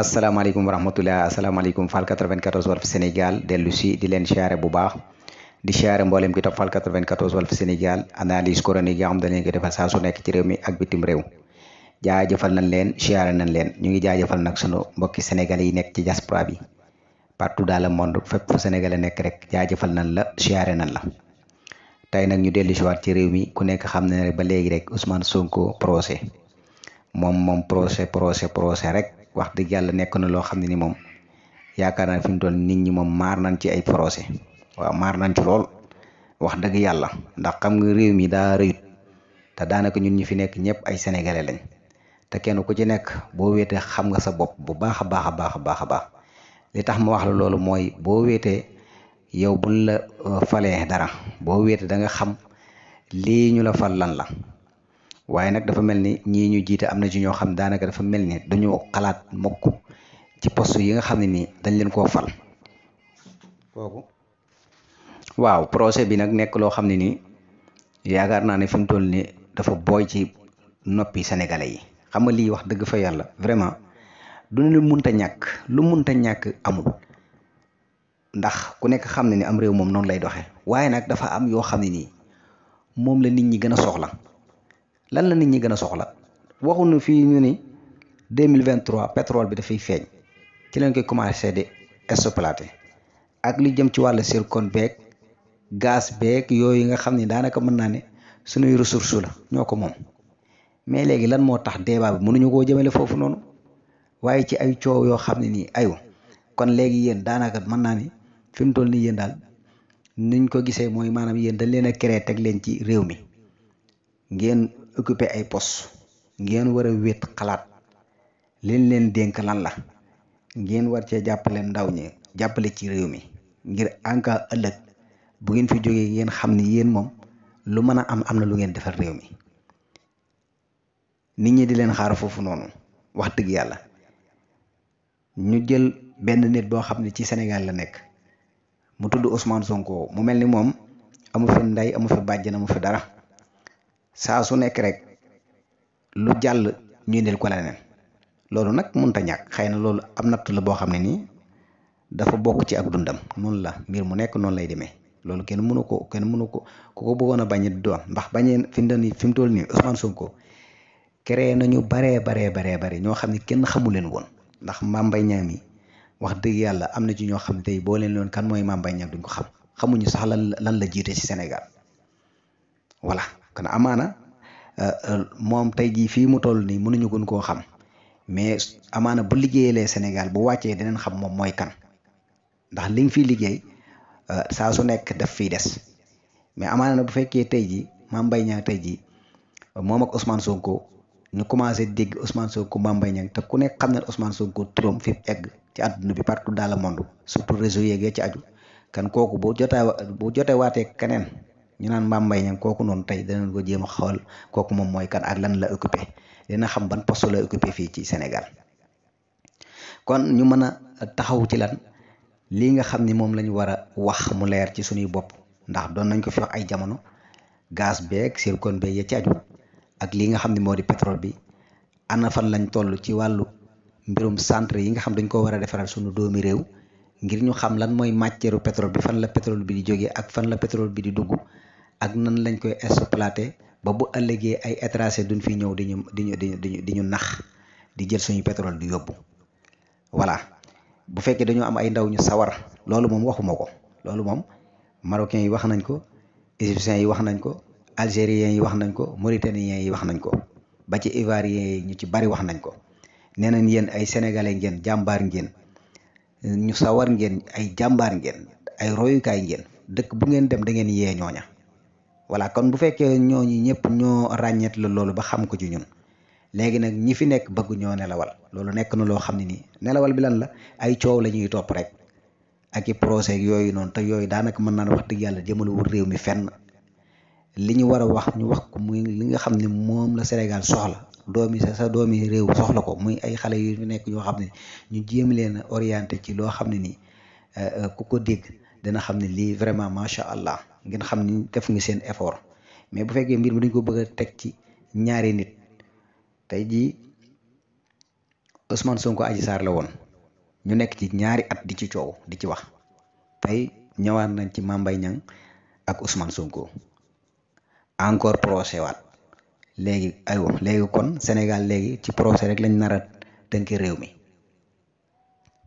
asalaamaaleykum warahmatullah asalaamaaleykum Fall 94 Walf Sénégal dellu si di leen siyaare bu baax di siyaare mboolem ki topp Fall 94 Walf Sénégal analyse chronique yi am xam dañ leen ko defal saa su nekk ci réew mi ak bitim réew jaajëfal nañ leen siyaare nañ leen ñu ngi jaajëfal na sunu mbokki sénégalais yi nekk ci diaspora bi partout dans le monde fépp fu sénégalais nekk rek jaajëfal nañ la siyaare nan la tey nag ñu dellu si ci réew mi ku nekk xam na ne ba léegi rek Ousmane Sonko procès moom moom procès procès procès rek wax dëgg yàlla nekk na loo xam ne ni moom yaakaar naa fi mu toll nit ñi moom maar nañ ci ay procès waaw maar nañ ci lool wax dëgg yàlla ndax xam nga réew mi daa rëyut te daanaka ñun ñi fi nekk ñëpp ay sénégalais lañ te kenn ku ci nekk boo weetee xam nga sa bopp bu baax a baax a baax a baax a baax li tax ma wax la loolu mooy boo wéetee yow buñ la euh, falee dara boo wéetee da nga xam lii ñu la fal lan la waaye nag dafa mel ni ñii ñu jiite am na ci ñoo xam daanaka dafa mel ni duñu xalaat mukk ci poste yi nga xam ne nii dañ leen koo fal kooku waaw projet bi nag nekk loo xam ne nii yaakaar naa ne fi toll nii dafa booy ci noppi sénégalais yi xam nga lii wax dëgg fa yàlla vraiment du lu munta ñàkk lu munta ñàkk amul ndax ku nekk xam ne ni am réew moom noonu lay doxe waaye nag dafa am yoo xam ne nii moom la nit ñi gën a soxla lan la nit ñi gën a soxla waxuñu fii ñu ni 2023 pétrole bi dafay feeñ ci lañ koy commencé di exploité ak lu jëm ci wàll zircon beek gaz beeg yooyu nga xam ne daanaka mën naa ne suñuy ressource la ñoo ko moom mais léegi lan moo tax débat bi mënuñu koo jëmale foofu noonu waaye ci ay coow yoo xam ne nii ayu kon léegi yéen daanaka mën naa ni fi mu toll nii yéen daal niñ ko gisee mooy maanaam yéen dañ leen a créé teg leen ci réew mi occupé ay pos ngeen war a wéet xalaat leen leen dénk lan la ngeen war cee jàppale ndaw ñi jàppale ci réew mi ngir en cas ëllëg bu ngeen fi jógee ngeen xam ni yéen moom lu mën a am am na lu ngeen defal réew mi nit ñi di leen xaar foofu noonu wax dëgg yàlla ñu jël benn nit boo xam ne ci senegal la nekk mu tudd Ousmane Sonko mu mel ni moom amu fi ndey amu fi na mu fi dara. saa su nekk rek lu jàll ñu indil ko leneen loolu nag ta ñàkk xëy na loolu am natt la boo xam ne nii dafa bokk ci ak dundam noonu la ngir mu nekk noonu lay demee loolu kenn mënu ko kenn mënu ko ku ko bëggoon a bañ doon ndax bañee fi mu fi mu toll nii Ousmane Sonko créé nañu baree baree baree bare ñoo xam ne kenn xamu leen woon ndax Mame Mbaye Niang mi wax dëgg yàlla am na ci ñoo xam tey boo leen loon kan mooy Mame Mbaye Niang duñ ko xam xamuñu sax lan lan la jiite ci Sénégal voilà kon amaana euh, euh, moom tey jii fii mu toll nii mënuñu gën koo xam mais amaana bu liggéeyalee Sénégal bu wàccee dinañ xam moom mooy kan ndax li nga fiy liggéey euh, saa su nekk daf fiy des mais amaana na bu fekkee tey jii Mame Mbaye Niang tey jii moom ak Ousmane Sonko ñu commencé dégg Ousmane Sonko Mame Mbaye Niang te ku nekk xam na ne Ousmane Sonko turam fi egg ci àdduna bi partout dans le monde surtout réseau yeeg ci aju kan kooku bu jotee bu jotee waatee keneen ñu naan Mame Mbaye Niang kooku noonu tey danañ ko jéem a xool kooku moom mooy kan ak lan la occupé dina xam ban poste la occupé fii ci Sénégal kon ñu mën a taxaw ci lan lii nga xam ni moom lañu ñu war a wax mu leer ci suñuy bopp ndax doon nañ ko fi wax ay jamono gaz beeg zircon beeg ya ci aju ak lii nga xam ne moo di pétrole bi ana fan lañ toll ci wàllu mbirum centre yi nga xam dañ ko war a defaral suñu doomi réew ngir ñu xam lan mooy matière pétrole fan la pétrole bi di jógee ak fan la pétrole bi di dugg ak nan lañ koy exploité ba bu ëllëgee ay étranger duñ fi ñëw di ñu di ñu di ñu di ñu nax di jël suñu pétrole di yóbbu voilà bu fekkee dañoo am ay ndaw ñu sawar loolu moom waxuma ko loolu moom marocains yi wax nañ ko égyptiens yi wax nañ ko algériens yi wax nañ ko mauritaniens yi wax nañ ko ba ci ivoiriens yi ñu ci bari wax nañ ko nee nañ yéen ay sénégalais ngeen jàmbaar ngeen ñu sawar ngeen ay jàmbaar ngeen ay royukaay ngeen dëkk bu ngeen dem da ngeen yee ñooña voilà kon bu fekkee ñooñu ñëpp ñoo ràññeet la loolu ba xam ko ci ñun léegi nag ñi fi nekk bëgg ñoo nelawal loolu nekk na loo xam ne nii nelawal bi lan la ay coow la ñuy topp rek ak i procès yooyu noonu te yooyu daanaka mën naan wax dëgg yàlla jëmale wul réew mi fenn li ñu war a wax ñu wax ko muy li nga xam ni moom la Sénégal soxla doomi sa sa doomi réew soxla ko muy ay xale yu nekk yoo xam ne ñu jéem leen a orienté ci loo xam ne nii euh, euh, ku ko dégg dana xam ne lii vraiment macha allah. ngeen xam ni def ngi seen effort mais bu fekkee mbir mu dañ ko bëgg a teg ci ñaari nit tey jii Ousmane Sonko aji Sarr la woon ñu nekk ci ñaari at di ci coow di ci wax tey ñëwaat nañ ci Mame Mbaye Niang ak Ousmane Sonko encore procès waat léegi aywa léegi kon Sénégal léegi ci procès rek lañ nar a tënk réew mi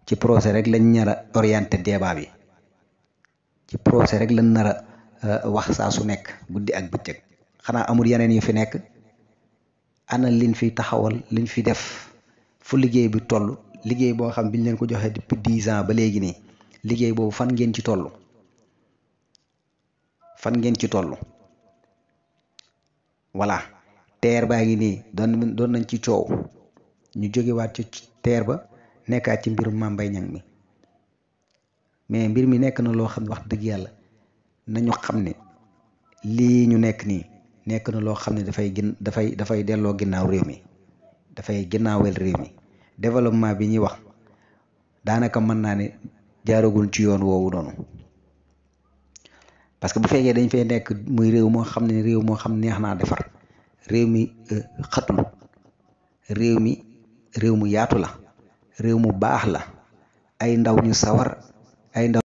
ci procès rek lañ nar a orienté débat bi ci procès rek lañ nar Euh, wax saa su nekk guddi ak bëccëg xanaa amul yeneen yu fi nekk ana liñ fi taxawal liñ fi def fu liggéey bi toll liggéey boo xam biñ leen ko joxee depuis dix ans ba léegi nii liggéey boobu fan ngeen ci toll fan ngeen ci toll voilà teer baa ngi nii doon doon nañ ci coow ñu jógewaat ci teer ba nekkaat ci mbirum Mame Mbaye mi mais mbir mi nekk na loo xam wax dëgg yàlla nañu xam ne lii ñu nekk nii nekk na loo xam ne dafay gin dafay dafay delloo ginnaaw réew mi dafay ginnaawel réew mi développement bi ñuy wax daanaka mën naa ne jaaragul ci yoon woowu noonu parce que bu fekkee dañ fay nekk muy réew moo xam ne réew moo xam neex naa defar réew mi euh, xatul réew mi réew mu yaatu la réew mu baax la ay ndaw ñu sawar ay ndaw